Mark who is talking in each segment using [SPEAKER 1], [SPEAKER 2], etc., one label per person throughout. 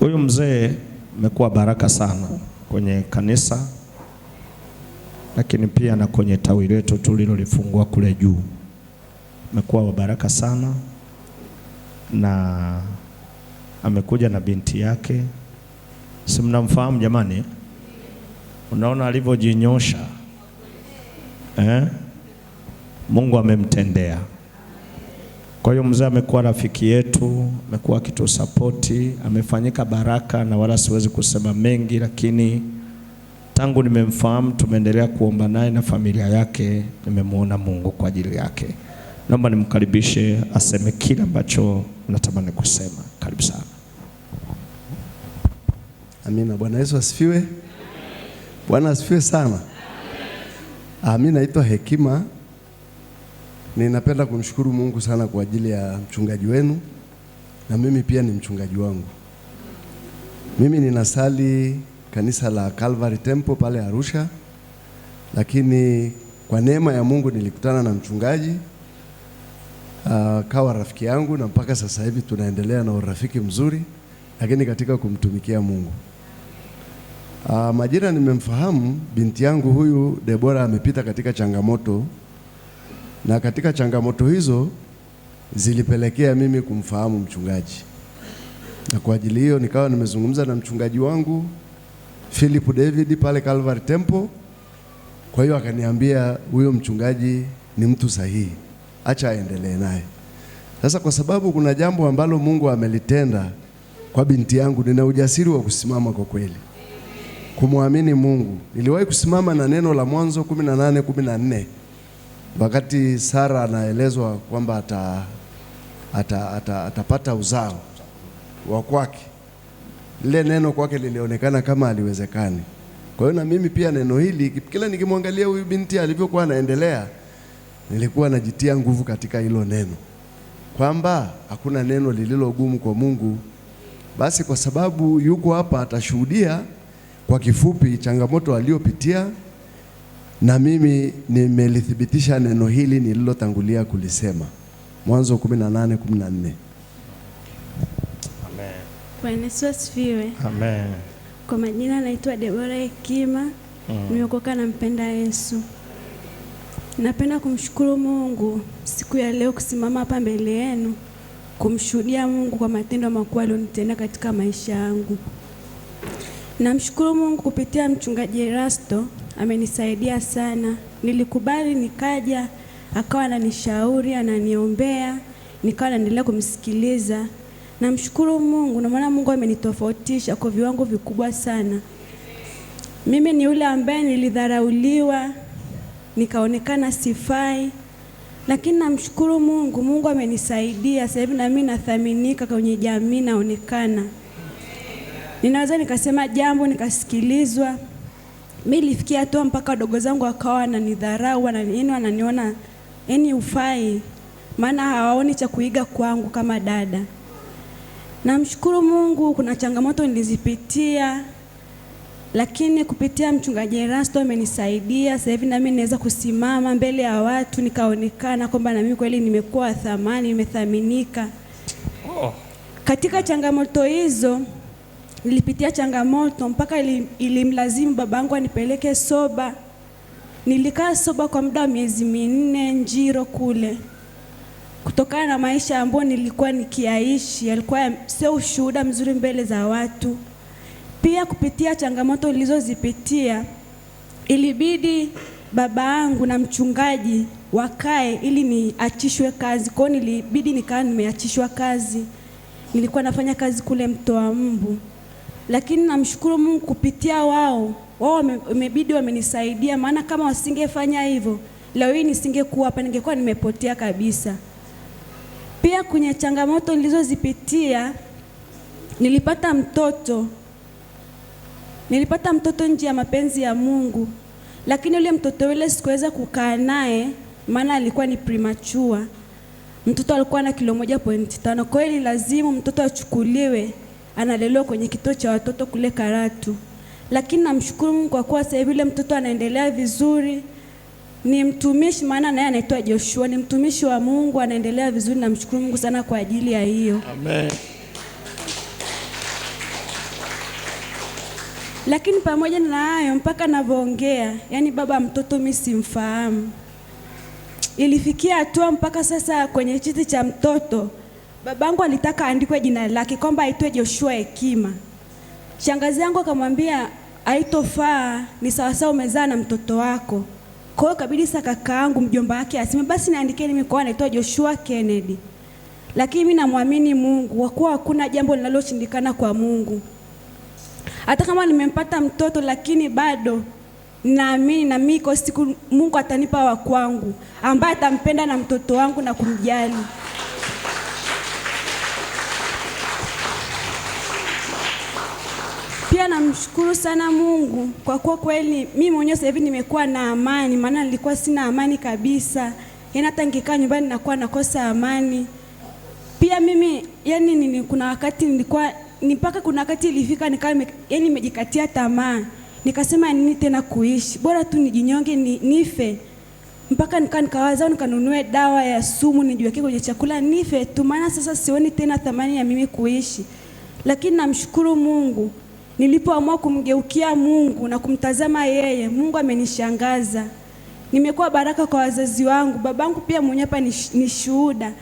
[SPEAKER 1] Huyu mzee amekuwa baraka sana kwenye kanisa, lakini pia na kwenye tawi letu tulilolifungua kule juu. Amekuwa wa baraka sana na amekuja na binti yake, si mnamfahamu jamani? Unaona alivyojinyosha eh? Mungu amemtendea. Kwa hiyo mzee amekuwa rafiki yetu, amekuwa akitusapoti, amefanyika baraka na wala siwezi kusema mengi, lakini tangu nimemfahamu tumeendelea kuomba naye na familia yake, nimemwona Mungu kwa ajili yake. Naomba nimkaribishe aseme kile ambacho natamani kusema. Karibu sana. Amina. Bwana Yesu asifiwe. Bwana asifiwe sana. Amina. Naitwa Hekima Ninapenda kumshukuru Mungu sana kwa ajili ya mchungaji wenu, na mimi pia ni mchungaji wangu. Mimi ninasali kanisa la Calvary Temple pale Arusha, lakini kwa neema ya Mungu nilikutana na mchungaji akawa ah, rafiki yangu na mpaka sasa hivi tunaendelea na urafiki mzuri, lakini katika kumtumikia Mungu uh, ah, majira nimemfahamu binti yangu huyu Debora amepita katika changamoto na katika changamoto hizo zilipelekea mimi kumfahamu mchungaji, na kwa ajili hiyo nikawa nimezungumza na mchungaji wangu Philip David pale Calvary Temple. Kwa hiyo akaniambia huyo mchungaji ni mtu sahihi, acha aendelee naye. Sasa kwa sababu kuna jambo ambalo Mungu amelitenda kwa binti yangu, nina ujasiri wa kusimama kwa kweli kumwamini Mungu. Niliwahi kusimama na neno la Mwanzo nne Wakati Sara anaelezwa kwamba ata, ata, ata, atapata uzao wa kwake, lile neno kwake lilionekana kama aliwezekani. Kwa hiyo na mimi pia neno hili kila nikimwangalia huyu binti alivyokuwa anaendelea, nilikuwa najitia nguvu katika hilo neno kwamba hakuna neno lililogumu kwa Mungu. Basi kwa sababu yuko hapa, atashuhudia kwa kifupi changamoto aliyopitia na mimi nimelithibitisha neno hili nililotangulia kulisema Mwanzo 18:14. Amen.
[SPEAKER 2] Bwana Yesu asifiwe. Amen. Kwa majina naitwa Debora Hekima mm. Nimeokoka na mpenda Yesu. Napenda kumshukuru Mungu siku ya leo kusimama hapa mbele yenu kumshuhudia Mungu kwa matendo makubwa alionitenda katika maisha yangu. Namshukuru Mungu kupitia mchungaji Erasto amenisaidia sana. Nilikubali nikaja, akawa ananishauri ananiombea, nikawa naendelea kumsikiliza. Namshukuru Mungu na maana Mungu amenitofautisha kwa viwango vikubwa sana. Mimi ni yule ambaye nilidharauliwa, nikaonekana sifai, lakini namshukuru Mungu. Mungu amenisaidia sasa hivi na mimi nathaminika kwenye jamii, naonekana, ninaweza nikasema jambo nikasikilizwa mi ilifikia hatua mpaka wadogo zangu wakawa wananidharau, wanani yaani wananiona yani ufai, maana hawaoni cha kuiga kwangu kama dada. Namshukuru Mungu, kuna changamoto nilizipitia, lakini kupitia mchungaji Erasto amenisaidia sasa hivi nami naweza kusimama mbele ya watu nikaonekana kwamba nami kweli nimekuwa thamani, nimethaminika. Oh. Katika changamoto hizo nilipitia changamoto mpaka ilimlazimu ili babangu anipeleke soba. Nilikaa soba kwa muda wa miezi minne Njiro kule, kutokana na maisha ambayo nilikuwa nikiaishi yalikuwa sio ushuhuda mzuri mbele za watu. Pia kupitia changamoto nilizozipitia, ilibidi baba yangu na mchungaji wakae ili niachishwe kazi. Kwa hiyo nilibidi nikaa nimeachishwa kazi. Nilikuwa nafanya kazi kule Mtoa Mbu lakini namshukuru Mungu kupitia wao wao imebidi wamenisaidia, maana kama wasingefanya hivyo leo hii nisingekuwa hapa, ningekuwa nimepotea kabisa. Pia kwenye changamoto nilizozipitia, nilipata mtoto, nilipata mtoto nje ya mapenzi ya Mungu, lakini yule mtoto yule sikuweza kukaa naye, maana alikuwa ni premature. Mtoto alikuwa na kilo moja pointi tano. Kwa hiyo lazimu mtoto achukuliwe analelewa kwenye kituo cha watoto kule Karatu, lakini namshukuru Mungu kwa kuwa sasa vile mtoto anaendelea vizuri. Ni mtumishi, maana naye anaitwa Joshua, ni mtumishi wa Mungu, anaendelea vizuri. Namshukuru Mungu sana kwa ajili ya hiyo Amen. Lakini pamoja na hayo, mpaka navyoongea, yani baba mtoto mimi simfahamu. Ilifikia hatua mpaka sasa kwenye chiti cha mtoto Babangu alitaka aandikwe jina lake kwamba aitwe Joshua Hekima. Shangazi yangu akamwambia haitofaa, ni sawasawa umezaa na mtoto wako. Kwa hiyo kabidi sasa kaka yangu mjomba wake aseme basi niandike mimi kwa anaitwa Joshua Kennedy. Lakini mimi namwamini Mungu kwa kuwa hakuna jambo linaloshindikana kwa Mungu. Hata kama nimempata mtoto lakini bado naamini na mimi kwa siku Mungu atanipa wa kwangu ambaye atampenda na mtoto wangu na kumjali. namshukuru sana Mungu kwa kuwa kweli mimi mwenyewe sasa hivi nimekuwa na amani, maana nilikuwa sina amani kabisa, yaani hata nikikaa nyumbani nakuwa nakosa amani. Pia mimi yani nini, kuna wakati nilikuwa ni mpaka kuna wakati ilifika nikawa yani nimejikatia tamaa, nikasema nini tena kuishi, bora tu nijinyonge ni, nife mpaka nikawa nikawaza nikanunue dawa ya sumu nijiweke kwenye chakula nife tu, maana sasa sioni tena thamani ya mimi kuishi, lakini namshukuru Mungu Nilipoamua kumgeukia Mungu na kumtazama yeye, Mungu amenishangaza. Nimekuwa baraka kwa wazazi wangu, babangu pia mwenye hapa ni shuhuda.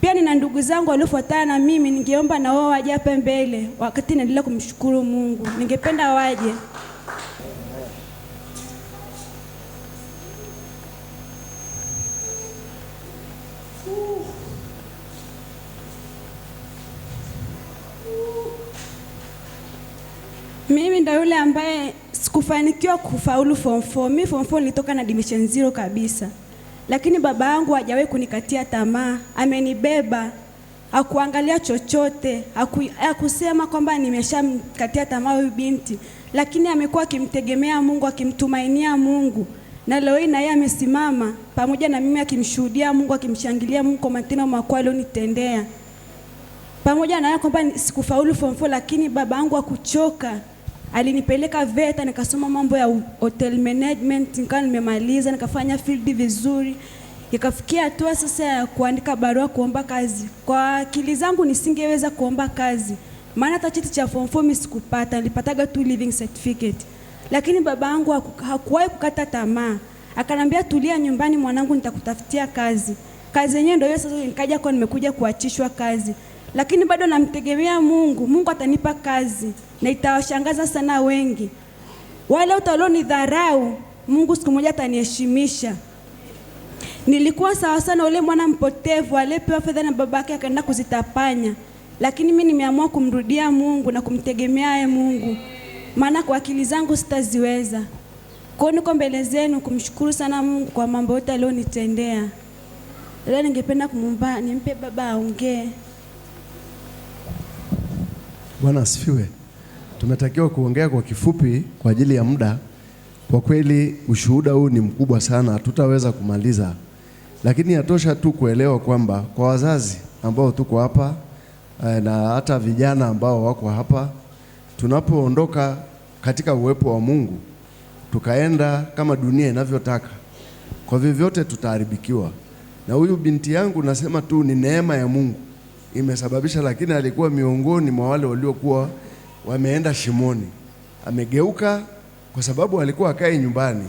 [SPEAKER 2] Pia nina ndugu zangu waliofuatana na mimi, ningeomba na wao waje hapa mbele wakati naendelea kumshukuru Mungu. Ningependa waje. Mimi ndo yule ambaye sikufanikiwa kufaulu form 4. Mimi form 4 nilitoka na dimension zero kabisa, lakini baba yangu hajawahi kunikatia tamaa, amenibeba hakuangalia chochote, hakusema kwamba nimeshamkatia tamaa huyu binti, lakini amekuwa akimtegemea Mungu, akimtumainia Mungu, na leo hii na yeye amesimama pamoja na mimi, akimshuhudia Mungu, akimshangilia Mungu kwa matendo makuu alionitendea, pamoja na kwamba sikufaulu form 4, lakini baba yangu hakuchoka. Alinipeleka VETA nikasoma mambo ya hotel management, nikawa nimemaliza, nikafanya field vizuri, ikafikia hatua sasa ya kuandika barua kuomba kazi. Kwa akili zangu nisingeweza kuomba kazi, maana hata cheti cha form four sikupata, nilipataga tu living certificate. Lakini baba yangu hakuwahi kukata tamaa, akanambia tulia nyumbani mwanangu, nitakutafutia kazi. Kazi yenyewe ndio hiyo sasa, nikaja kwa nimekuja kuachishwa kazi lakini bado namtegemea Mungu. Mungu atanipa kazi na itawashangaza sana wengi. Wale dharau, Mungu siku moja ataniheshimisha. Nilikuwa sawa sana ule mwana mpotevu aliyepewa fedha na babake akaenda kuzitapanya, lakini mimi nimeamua kumrudia Mungu na kumtegemea yeye Mungu, maana kwa akili zangu sitaziweza. Kwa niko mbele zenu kumshukuru sana Mungu kwa mambo yote alionitendea. Leo ningependa kumwomba nimpe baba aongee.
[SPEAKER 1] Bwana asifiwe. Tumetakiwa kuongea kwa kifupi kwa ajili ya muda. Kwa kweli ushuhuda huu ni mkubwa sana, hatutaweza kumaliza, lakini yatosha tu kuelewa kwamba kwa wazazi ambao tuko hapa eh, na hata vijana ambao wako hapa, tunapoondoka katika uwepo wa Mungu tukaenda kama dunia inavyotaka, kwa vyovyote tutaharibikiwa. Na huyu binti yangu nasema tu ni neema ya Mungu imesababisha, lakini alikuwa miongoni mwa wale waliokuwa wameenda shimoni. Amegeuka kwa sababu alikuwa akae nyumbani.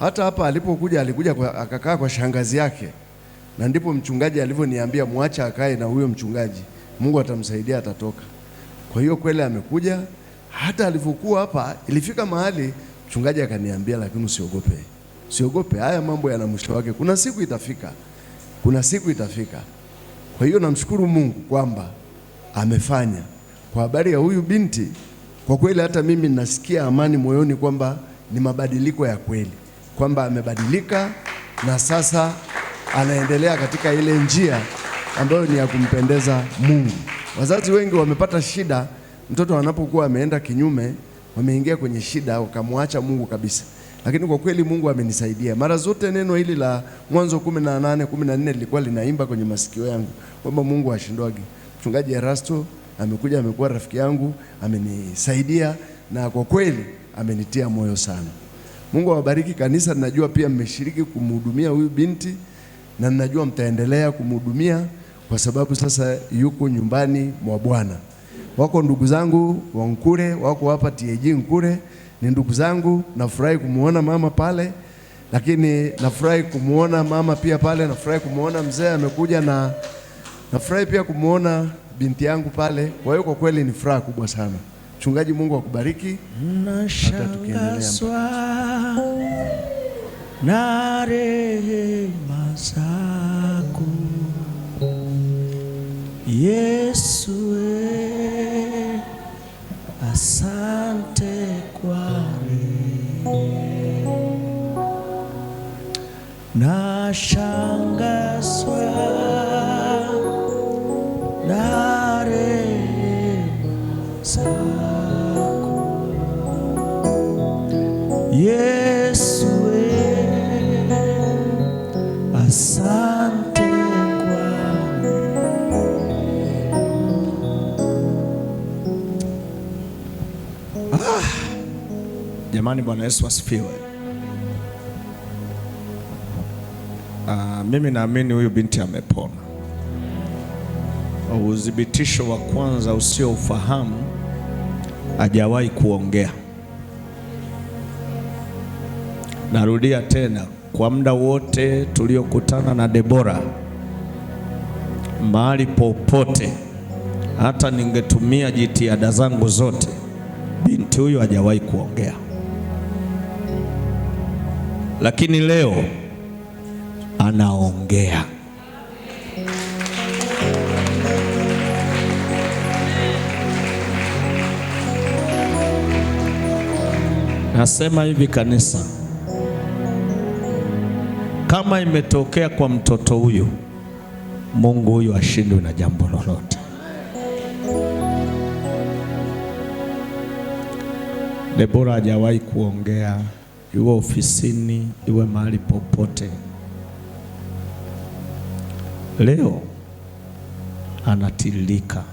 [SPEAKER 1] Hata hapa alipokuja alikuja akakaa kwa shangazi yake, na ndipo mchungaji alivyoniambia mwacha akae na huyo mchungaji, Mungu atamsaidia atatoka. Kwa hiyo kweli amekuja. Hata alivyokuwa hapa ilifika mahali mchungaji akaniambia, lakini usiogope, usiogope, haya mambo yana mwisho wake. Kuna siku itafika, kuna siku itafika. Kwa hiyo namshukuru Mungu kwamba amefanya. Kwa habari ya huyu binti, kwa kweli hata mimi nasikia amani moyoni kwamba ni mabadiliko ya kweli, kwamba amebadilika na sasa anaendelea katika ile njia ambayo ni ya kumpendeza Mungu. Wazazi wengi wamepata shida, mtoto anapokuwa ameenda kinyume, wameingia kwenye shida, wakamwacha Mungu kabisa lakini kwa kweli Mungu amenisaidia mara zote. Neno hili la Mwanzo 18 14 lilikuwa linaimba kwenye masikio yangu kwamba Mungu ashindwagi Mchungaji Erasto amekuja, amekuwa rafiki yangu, amenisaidia na kwa kweli amenitia moyo sana. Mungu awabariki kanisa. Najua pia mmeshiriki kumhudumia huyu binti na najua mtaendelea kumhudumia kwa sababu sasa yuko nyumbani mwa Bwana. Wako ndugu zangu wa Nkure wako hapa TAG Nkure ni ndugu zangu. Nafurahi kumwona mama pale, lakini nafurahi kumwona mama pia pale, nafurahi kumwona mzee amekuja, na nafurahi pia kumwona binti yangu pale. Kwa hiyo kwa kweli ni furaha kubwa sana. Mchungaji, Mungu akubariki. Nashangazwa na rehema zako Yesu. Asante kwa na shangazwa Jamani, Bwana Yesu asifiwe. Uh, mimi naamini huyu binti amepona. Udhibitisho wa kwanza usioufahamu, hajawahi kuongea. Narudia tena, kwa muda wote tuliokutana na Debora, mahali popote, hata ningetumia jitihada zangu zote, binti huyu hajawahi kuongea lakini leo anaongea. Nasema hivi kanisa, kama imetokea kwa mtoto huyu, Mungu huyu ashindwe na jambo lolote. Debora hajawahi kuongea iwe ofisini, iwe mahali popote. Leo anatiririka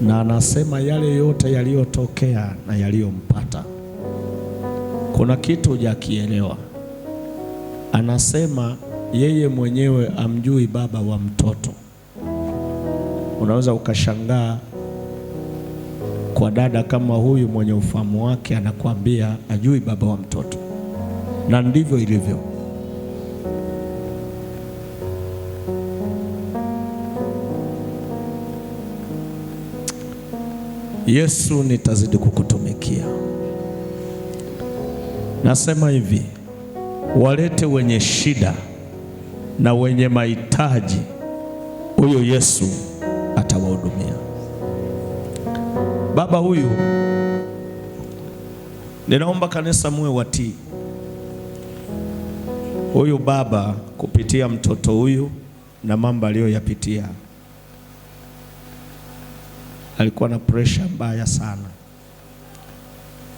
[SPEAKER 1] na anasema yale yote yaliyotokea na yaliyompata. Kuna kitu hujakielewa. Anasema yeye mwenyewe amjui baba wa mtoto. Unaweza ukashangaa kwa dada kama huyu mwenye ufahamu wake anakuambia ajui baba wa mtoto, na ndivyo ilivyo. Yesu, nitazidi kukutumikia. Nasema hivi, walete wenye shida na wenye mahitaji, huyo Yesu atawahudumia. Baba huyu, ninaomba kanisa muwe watii huyu baba kupitia mtoto huyu na mambo aliyoyapitia. Alikuwa na presha mbaya sana,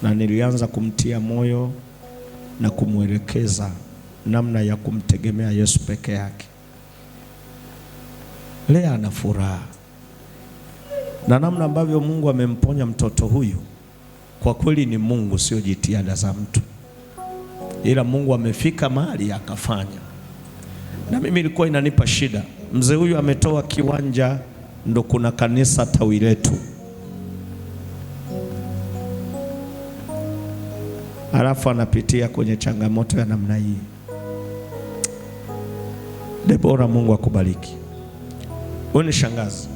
[SPEAKER 1] na nilianza kumtia moyo na kumwelekeza namna ya kumtegemea Yesu peke yake. lea ana furaha na namna ambavyo Mungu amemponya mtoto huyu kwa kweli ni Mungu, sio jitihada za mtu, ila Mungu amefika mahali akafanya. Na mimi ilikuwa inanipa shida, mzee huyu ametoa kiwanja, ndo kuna kanisa tawi letu, alafu anapitia kwenye changamoto ya namna hii. Debora, Mungu akubariki. Wewe ni shangazi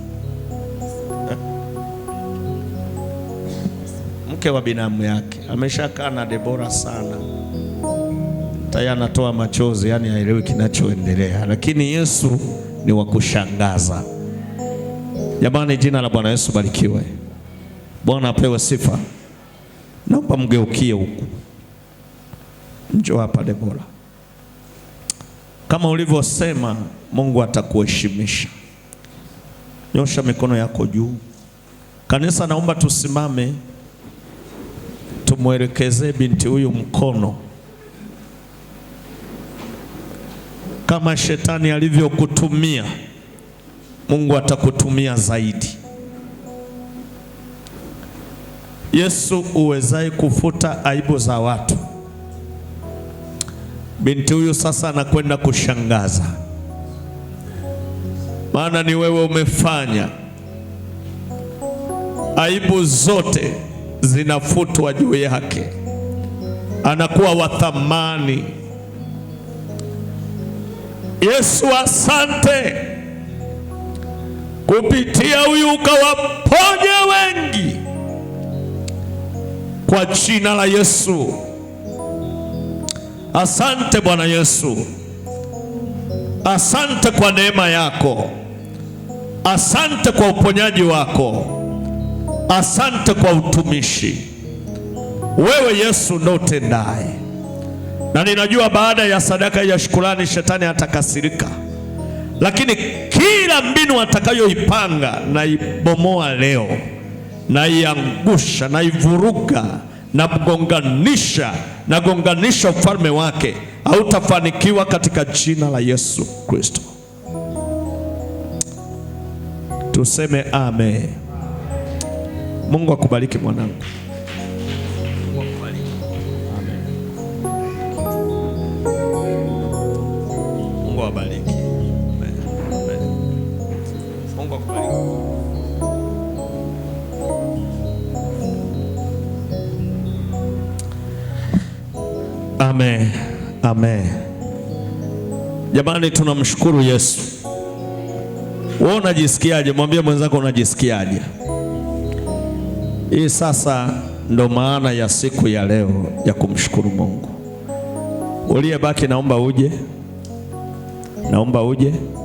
[SPEAKER 1] mke wa binamu yake. Ameshakaa na Debora sana, tayari anatoa machozi, yani haelewi kinachoendelea, lakini Yesu ni wa kushangaza. Jamani, jina la Bwana Yesu barikiwe, Bwana apewe sifa. Naomba mgeukie huku, njoo hapa Debora. Kama ulivyosema, Mungu atakuheshimisha. Nyosha mikono yako juu. Kanisa, naomba tusimame tumwelekezee binti huyu mkono, kama shetani alivyokutumia Mungu atakutumia zaidi. Yesu uwezaye kufuta aibu za watu. Binti huyu sasa anakwenda kushangaza, maana ni wewe umefanya aibu zote zinafutwa juu yake, anakuwa wa thamani. Yesu, asante kupitia huyu ukawaponya wengi kwa jina la Yesu. Asante Bwana Yesu, asante kwa neema yako, asante kwa uponyaji wako. Asante kwa utumishi, wewe Yesu ndio utendaye, na ninajua baada ya sadaka ya shukrani shetani atakasirika, lakini kila mbinu atakayoipanga naibomoa leo, naiangusha, naivuruga, namgonganisha, nagonganisha ufalme wake. Hautafanikiwa katika jina la Yesu Kristo. Tuseme amen. Mungu akubariki mwanangu. Amen. Amen. Jamani, tunamshukuru Yesu. Wewe unajisikiaje? Mwambie mwenzako unajisikiaje? Hii sasa ndo maana ya siku ya leo ya kumshukuru Mungu. Uliyebaki naomba uje, naomba uje.